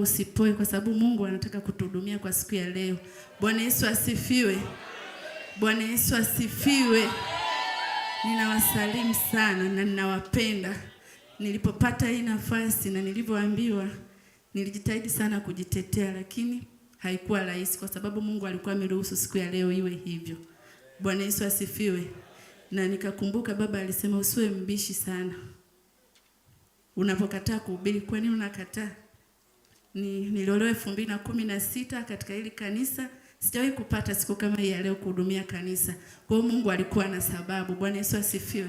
usipoe, kwa sababu Mungu anataka kutuhudumia kwa siku ya leo. Bwana Yesu asifiwe! Bwana Yesu asifiwe! Ninawasalimu sana na ninawapenda. Nilipopata hii nafasi na nilivyoambiwa, nilijitahidi sana kujitetea, lakini haikuwa rahisi, kwa sababu Mungu alikuwa ameruhusu siku ya leo iwe hivyo. Bwana Yesu asifiwe. Na nikakumbuka baba alisema usiwe mbishi sana unapokataa kuhubiri. Kwa nini unakataa? ni niliolewa 2016 katika hili kanisa. Sijawahi kupata siku kama hii ya leo kuhudumia kanisa. Kwa hiyo Mungu alikuwa na sababu. Bwana Yesu asifiwe.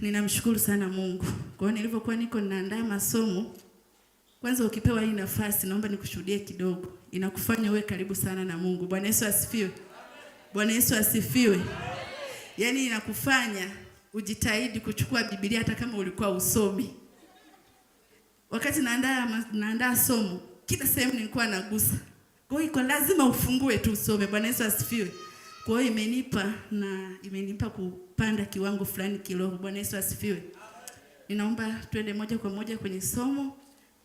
Ninamshukuru sana Mungu. Kwa hiyo nilivyokuwa niko ninaandaa masomo, kwanza ukipewa hii nafasi naomba nikushuhudie kidogo. Inakufanya uwe karibu sana na Mungu. Bwana Yesu asifiwe. Bwana Yesu asifiwe. Yaani inakufanya ujitahidi kuchukua Biblia hata kama ulikuwa usomi wakati naandaa naandaa somo, kila sehemu nilikuwa nagusa. Kwa hiyo iko lazima ufungue tu usome. Bwana Yesu asifiwe. Kwa hiyo imenipa na imenipa kupanda kiwango fulani kiroho. Bwana Yesu asifiwe. Ninaomba twende moja kwa moja kwenye somo.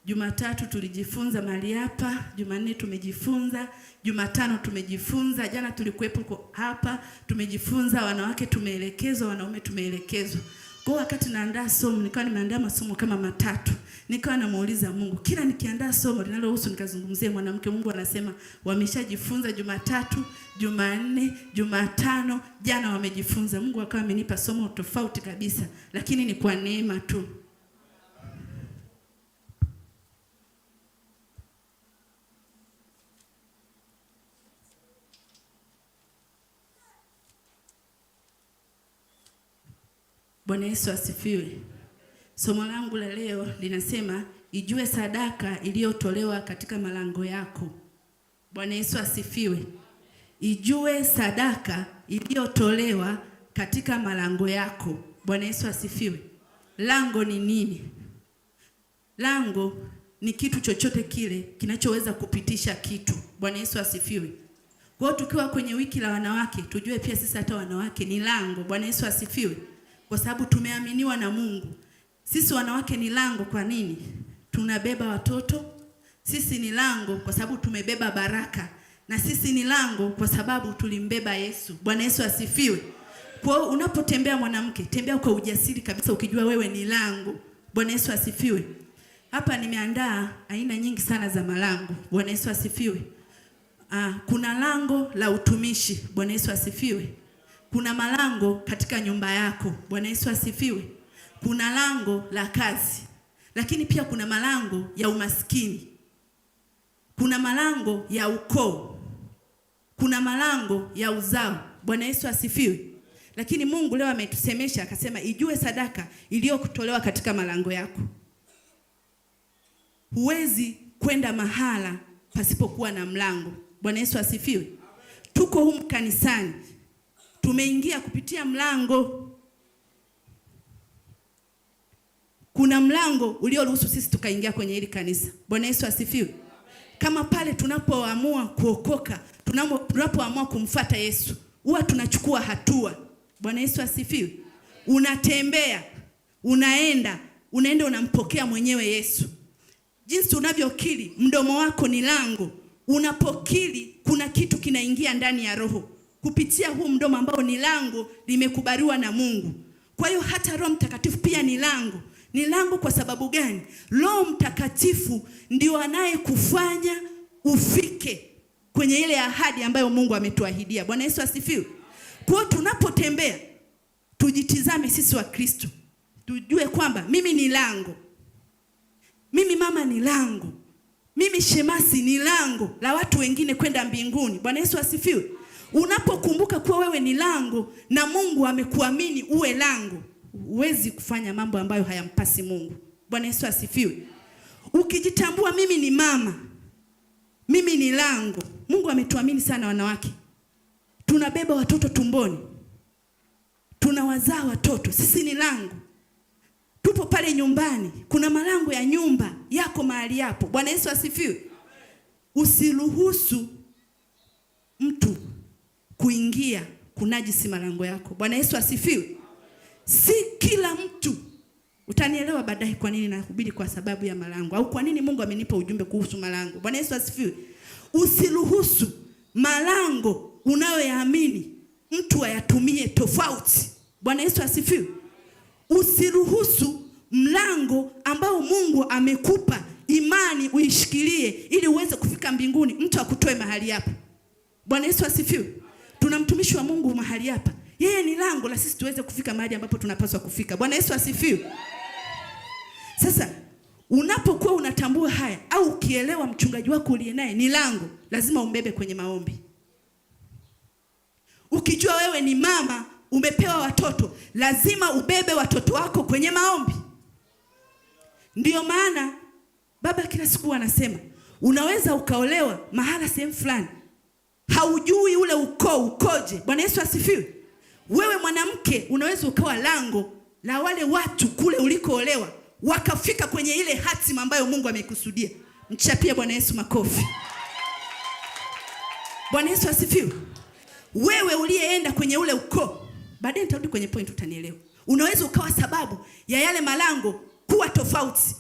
Jumatatu tulijifunza mali hapa, Jumanne tumejifunza, Jumatano tumejifunza, jana tulikuwepo hapa, tumejifunza wanawake tumeelekezwa, wanaume tumeelekezwa. Kwa wakati naandaa somo, nikawa nimeandaa masomo kama matatu. Nikawa namuuliza Mungu, kila nikiandaa somo linalohusu nikazungumzie mwanamke, Mungu anasema wameshajifunza Jumatatu, Jumanne, Jumatano, jana wamejifunza. Mungu akawa amenipa somo tofauti kabisa, lakini ni kwa neema tu. Bwana Yesu asifiwe. Somo langu la leo linasema ijue sadaka iliyotolewa katika malango yako. Bwana Yesu asifiwe. Ijue sadaka iliyotolewa katika malango yako. Bwana Yesu asifiwe. Lango ni nini? Lango ni kitu chochote kile kinachoweza kupitisha kitu. Bwana Yesu asifiwe. Kwa hiyo tukiwa kwenye wiki la wanawake, tujue pia sisi hata wanawake ni lango. Bwana Yesu asifiwe kwa sababu tumeaminiwa na Mungu. Sisi wanawake ni lango. Kwa nini? Tunabeba watoto. Sisi ni lango kwa sababu tumebeba baraka, na sisi ni lango kwa sababu tulimbeba Yesu. Bwana Yesu asifiwe. Kwa hiyo unapotembea mwanamke, tembea kwa ujasiri kabisa, ukijua wewe ni lango. Bwana Yesu asifiwe. Hapa nimeandaa aina nyingi sana za malango. Bwana Yesu asifiwe. Ah, kuna lango la utumishi. Bwana Yesu asifiwe. Kuna malango katika nyumba yako. Bwana Yesu asifiwe. Kuna lango la kazi, lakini pia kuna malango ya umaskini, kuna malango ya ukoo, kuna malango ya uzao. Bwana Yesu asifiwe. Lakini Mungu leo ametusemesha akasema, ijue sadaka iliyotolewa katika malango yako. Huwezi kwenda mahala pasipokuwa na mlango. Bwana Yesu asifiwe. Tuko humu kanisani tumeingia kupitia mlango. Kuna mlango ulioruhusu sisi tukaingia kwenye hili kanisa. Bwana Yesu asifiwe. Kama pale tunapoamua kuokoka, tunapoamua kumfata Yesu, huwa tunachukua hatua. Bwana Yesu asifiwe. Unatembea, unaenda, unaenda, unampokea mwenyewe Yesu. Jinsi unavyokiri, mdomo wako ni lango. Unapokiri, kuna kitu kinaingia ndani ya roho kupitia huu mdomo ambao ni lango limekubaliwa na Mungu. Kwa hiyo hata Roho Mtakatifu pia ni langu. Ni langu kwa sababu gani? Roho Mtakatifu ndio anayekufanya ufike kwenye ile ahadi ambayo Mungu ametuahidia. Bwana Yesu asifiwe. Kwa tunapotembea tujitizame sisi wa Kristo. Tujue kwamba mimi ni lango. Mimi mama ni lango. Mimi shemasi ni lango la watu wengine kwenda mbinguni. Bwana Yesu asifiwe. Unapokumbuka kuwa wewe ni lango na Mungu amekuamini uwe lango, huwezi kufanya mambo ambayo hayampasi Mungu. Bwana Yesu asifiwe. Ukijitambua mimi ni mama, mimi ni lango. Mungu ametuamini sana wanawake, tunabeba watoto tumboni, tunawazaa watoto, sisi ni lango. Tupo pale nyumbani, kuna malango ya nyumba yako mahali yapo. Bwana Yesu asifiwe. Usiruhusu mtu kuingia kunajisi malango yako. Bwana Yesu asifiwe. Si kila mtu utanielewa baadaye kwa nini nahubiri kwa sababu ya malango au kwa nini Mungu amenipa ujumbe kuhusu malango. Bwana Yesu asifiwe. Usiruhusu malango unayoyaamini mtu ayatumie tofauti. Bwana Yesu asifiwe. Usiruhusu mlango ambao Mungu amekupa imani uishikilie ili uweze kufika mbinguni mtu akutoe mahali hapo. Bwana Yesu asifiwe tuna mtumishi wa Mungu mahali hapa, yeye ni lango la sisi tuweze kufika mahali ambapo tunapaswa kufika. Bwana Yesu asifiwe. Sasa unapokuwa unatambua haya au ukielewa mchungaji wako uliye naye ni lango, lazima umbebe kwenye maombi. Ukijua wewe ni mama umepewa watoto, lazima ubebe watoto wako kwenye maombi. Ndiyo maana baba kila siku anasema unaweza ukaolewa mahala sehemu fulani haujui ule ukoo ukoje. Bwana Yesu asifiwe. Wewe mwanamke unaweza ukawa lango la wale watu kule ulikoolewa wakafika kwenye ile hatima ambayo Mungu ameikusudia. mchapia Bwana Yesu makofi. Bwana Yesu asifiwe. Wewe uliyeenda kwenye ule ukoo, baadaye nitarudi kwenye point, utanielewa. Unaweza ukawa sababu ya yale malango kuwa tofauti.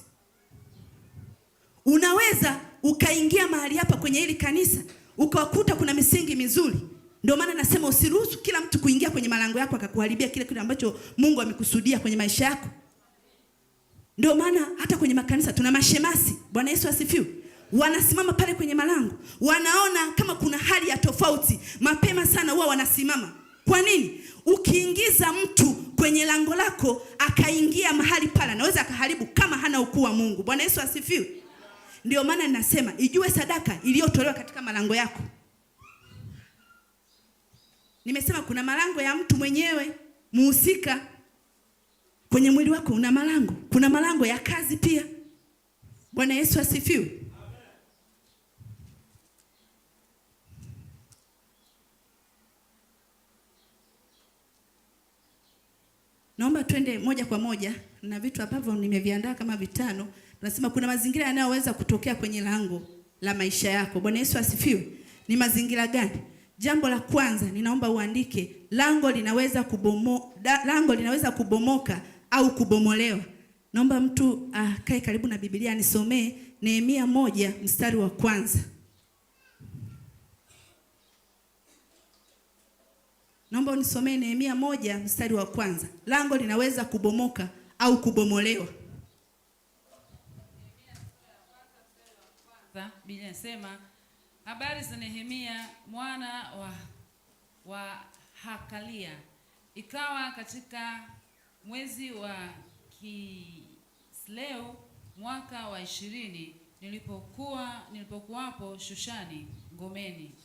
Unaweza ukaingia mahali hapa kwenye hili kanisa ukawakuta kuna misingi mizuri. Ndio maana nasema usiruhusu kila mtu kuingia kwenye malango yako akakuharibia kile kile ambacho Mungu amekusudia kwenye maisha yako. Ndio maana hata kwenye makanisa tuna mashemasi, Bwana Yesu asifiwe, wanasimama pale kwenye malango, wanaona kama kuna hali ya tofauti, mapema sana huwa wanasimama. Kwa nini? Ukiingiza mtu kwenye lango lako akaingia mahali pale, anaweza akaharibu kama hana ukuu wa Mungu. Bwana Yesu asifiwe. Ndio maana ninasema ijue sadaka iliyotolewa katika malango yako. Nimesema kuna malango ya mtu mwenyewe muhusika kwenye mwili wako, una malango, kuna malango ya kazi pia. Bwana Yesu asifiwe. Naomba twende moja kwa moja na vitu ambavyo nimeviandaa kama vitano. Anasema kuna mazingira yanayoweza kutokea kwenye lango la maisha yako. Bwana Yesu asifiwe. Ni mazingira gani? Jambo la kwanza ninaomba uandike, lango linaweza kubomo, da, lango linaweza kubomoka au kubomolewa. Naomba mtu akae ah, karibu na Biblia anisomee Nehemia moja mstari wa kwanza. Naomba unisomee Nehemia moja mstari wa kwanza. Lango linaweza kubomoka au kubomolewa. Martha, Biblia inasema habari za Nehemia mwana wa, wa Hakalia. Ikawa katika mwezi wa Kisleu mwaka wa ishirini nilipokuwa nilipokuwapo Shushani ngomeni.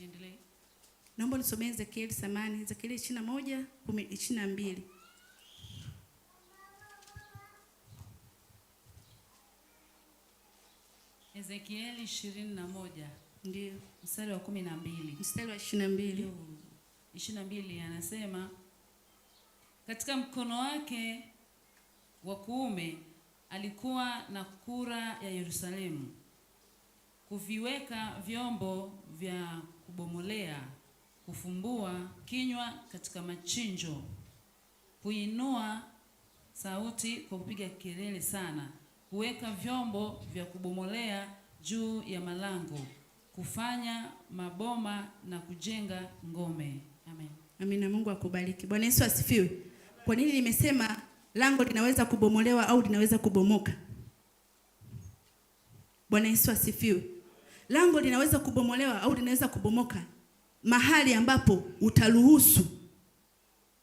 Endelee. naomba nisomee Zekeli samani, Zekeli ishirini na moja ishirini na mbili Ezekieli 21. Ndio. Mstari wa 12. Mstari wa 22. 22 anasema katika mkono wake wa kuume alikuwa na kura ya Yerusalemu kuviweka vyombo vya kubomolea, kufumbua kinywa katika machinjo, kuinua sauti kwa kupiga kelele sana kuweka vyombo vya kubomolea juu ya malango, kufanya maboma na kujenga ngome. Amen. Amina, Mungu akubariki. Bwana Yesu asifiwe. Kwa nini nimesema lango linaweza kubomolewa au linaweza kubomoka? Bwana Yesu asifiwe. Lango linaweza kubomolewa au linaweza kubomoka mahali ambapo utaruhusu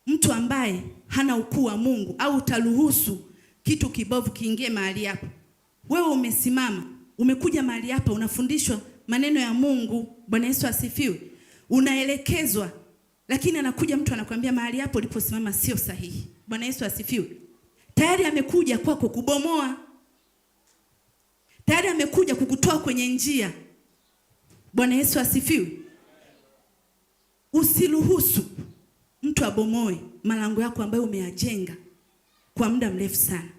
mtu ambaye hana ukuu wa Mungu au utaruhusu kitu kibovu kiingie mahali hapa. Wewe umesimama, umekuja mahali hapa, unafundishwa maneno ya Mungu. Bwana Yesu asifiwe. Unaelekezwa, lakini anakuja mtu anakuambia mahali hapo uliposimama sio sahihi. Bwana Yesu asifiwe. Tayari amekuja kwako kubomoa, tayari amekuja kukutoa kwenye njia. Bwana Yesu asifiwe. Usiruhusu mtu abomoe malango yako ambayo umeyajenga kwa muda mrefu sana.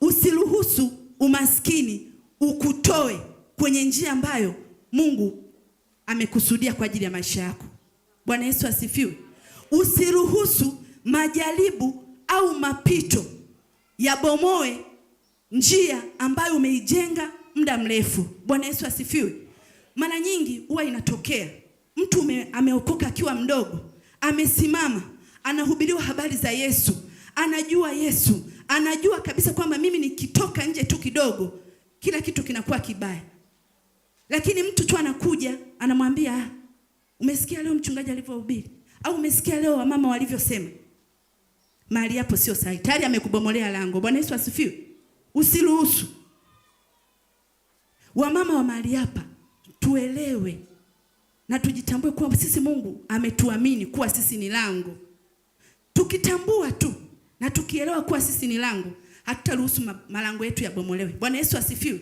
Usiruhusu umaskini ukutoe kwenye njia ambayo Mungu amekusudia kwa ajili ya maisha yako. Bwana Yesu asifiwe. Usiruhusu majaribu au mapito yabomoe njia ambayo umeijenga muda mrefu. Bwana Yesu asifiwe. Mara nyingi huwa inatokea mtu ameokoka akiwa mdogo, amesimama anahubiriwa habari za Yesu anajua Yesu, anajua kabisa kwamba mimi nikitoka nje tu kidogo kila kitu kinakuwa kibaya. Lakini mtu tu anakuja anamwambia, umesikia leo mchungaji alivyohubiri, au umesikia leo wamama walivyosema. Mahali hapo sio sahihi, tayari amekubomolea lango. Bwana Yesu asifiwe. Usiruhusu wamama wa mahali hapa, tuelewe na tujitambue kuwa sisi Mungu ametuamini kuwa sisi ni lango. Tukitambua tu na tukielewa kuwa sisi ni lango, hatutaruhusu malango yetu yabomolewe. Bwana Yesu asifiwe.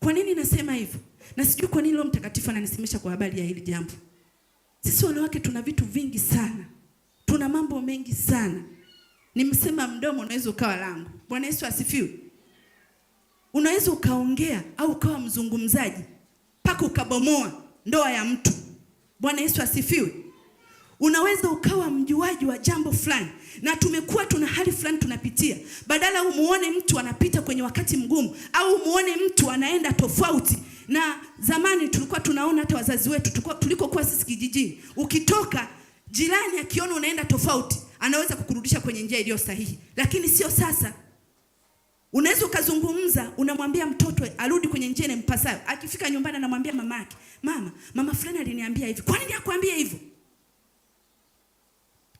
Kwa nini nasema hivyo? Na sijui kwa nini leo Mtakatifu ananisemesha kwa habari ya hili jambo. Sisi wanawake tuna vitu vingi sana, tuna mambo mengi sana. Nimsema mdomo unaweza ukawa lango. Bwana Yesu asifiwe. Unaweza ukaongea au ukawa mzungumzaji mpaka ukabomoa ndoa ya mtu. Bwana Yesu asifiwe. Unaweza ukawa mjuaji wa jambo fulani, na tumekuwa tuna hali fulani tunapitia, badala umuone mtu anapita kwenye wakati mgumu au umuone mtu anaenda tofauti na zamani. Tulikuwa tunaona hata wazazi wetu tulikokuwa sisi kijijini, ukitoka jirani akiona unaenda tofauti, anaweza kukurudisha kwenye njia iliyo sahihi, lakini sio sasa. Unaweza ukazungumza, unamwambia mtoto arudi kwenye njia ile mpasayo Akifika nyumbani anamwambia mama yake, mama mama fulani aliniambia hivi. Kwa nini akwambia hivyo?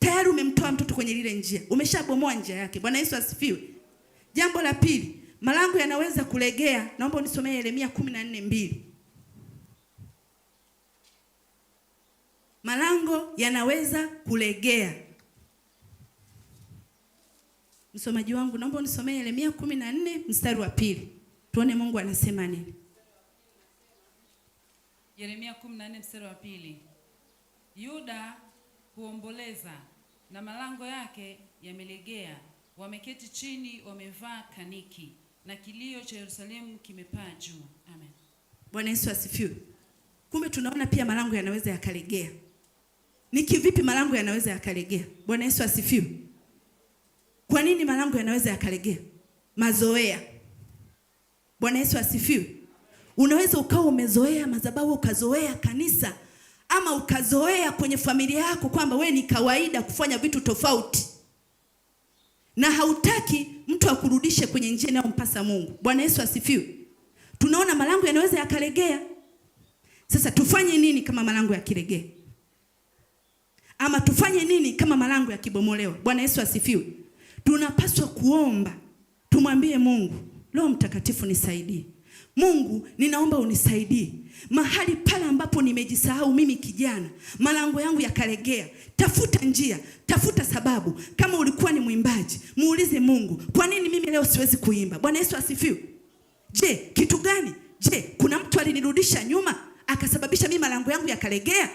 tayari umemtoa mtoto kwenye lile njia, umeshabomoa njia yake. Bwana Yesu asifiwe. Jambo la pili, malango yanaweza kulegea. Naomba unisomee Yeremia 14:2. Malango yanaweza kulegea. Msomaji wangu, naomba unisomee Yeremia 14 mstari wa pili, tuone Mungu anasema nini. Yeremia 14 mstari wa pili. Yuda huomboleza na malango yake yamelegea, wameketi chini, wamevaa kaniki, na kilio cha Yerusalemu kimepaa juu. Amen. Bwana Yesu asifiwe. Kumbe tunaona pia malango yanaweza yakalegea. Ni kivipi malango yanaweza yakalegea? Bwana Yesu asifiwe. Kwa nini malango yanaweza yakalegea? Mazoea. Bwana Yesu asifiwe. Unaweza ukawa umezoea madhabahu, ukazoea kanisa ama ukazoea kwenye familia yako kwamba we ni kawaida kufanya vitu tofauti, na hautaki mtu akurudishe kwenye njia inayompasa Mungu. Bwana Yesu asifiwe. Tunaona malango yanaweza yakalegea. Sasa tufanye nini kama malango yakilegea? Ama tufanye nini kama malango yakibomolewa? Bwana Yesu asifiwe. Tunapaswa kuomba, tumwambie Mungu, Roho Mtakatifu nisaidie. Mungu, ninaomba unisaidie mahali pale ambapo nimejisahau mimi kijana, malango yangu yakalegea. Tafuta njia, tafuta sababu. Kama ulikuwa ni mwimbaji, muulize Mungu, kwa nini mimi leo siwezi kuimba? Bwana Yesu asifiwe. Je, kitu gani? Je, kuna mtu alinirudisha nyuma akasababisha mimi malango yangu yakalegea?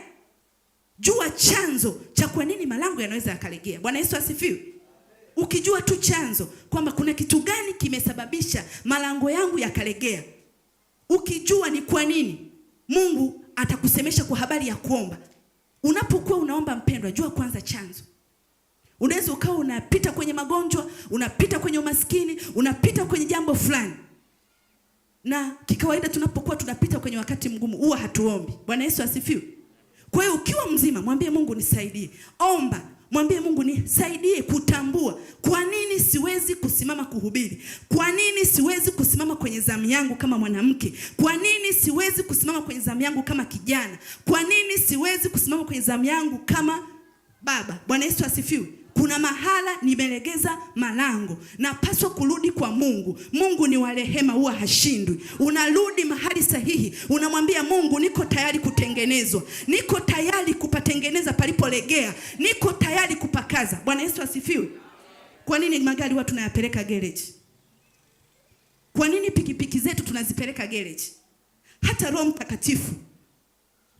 Jua chanzo cha kwa nini malango yanaweza yakalegea. Bwana Yesu asifiwe. Ukijua tu chanzo kwamba kuna kitu gani kimesababisha malango yangu yakalegea ukijua ni kwa nini Mungu atakusemesha kwa habari ya kuomba. Unapokuwa unaomba mpendwa, jua kwanza chanzo. Unaweza ukawa unapita kwenye magonjwa, unapita kwenye umaskini, unapita kwenye jambo fulani, na kikawaida tunapokuwa tunapita kwenye wakati mgumu huwa hatuombi. Bwana Yesu asifiwe. Kwa hiyo ukiwa mzima, mwambie Mungu nisaidie, omba Mwambie Mungu nisaidie kutambua kwa nini siwezi kusimama kuhubiri, kwa nini siwezi kusimama kwenye zamu yangu kama mwanamke, kwa nini siwezi kusimama kwenye zamu yangu kama kijana, kwa nini siwezi kusimama kwenye zamu yangu kama baba. Bwana Yesu asifiwe kuna mahala nimelegeza malango, napaswa kurudi kwa Mungu. Mungu ni wa rehema, huwa hashindwi. Unarudi mahali sahihi, unamwambia Mungu, niko tayari kutengenezwa, niko tayari kupatengeneza palipolegea, niko tayari kupakaza. Bwana Yesu asifiwe. Kwa nini magari watu nayapeleka gereji? Kwa nini pikipiki zetu tunazipeleka gereji? Hata Roho Mtakatifu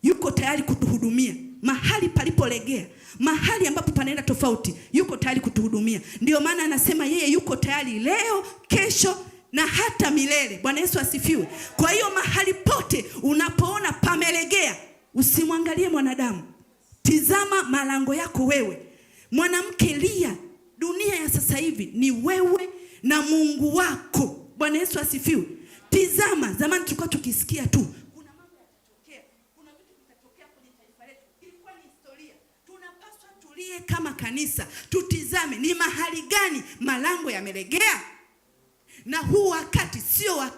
yuko tayari kutuhudumia mahali palipolegea mahali ambapo panaenda tofauti, yuko tayari kutuhudumia. Ndio maana anasema yeye yuko tayari leo, kesho na hata milele. Bwana Yesu asifiwe. Kwa hiyo mahali pote unapoona pamelegea, usimwangalie mwanadamu, tizama malango yako wewe. Mwanamke Lia, dunia ya sasa hivi ni wewe na Mungu wako. Bwana Yesu asifiwe. Tizama, zamani tulikuwa tukisikia tu tuangalie kama kanisa, tutizame ni mahali gani malango yamelegea, na huu wakati sio wakati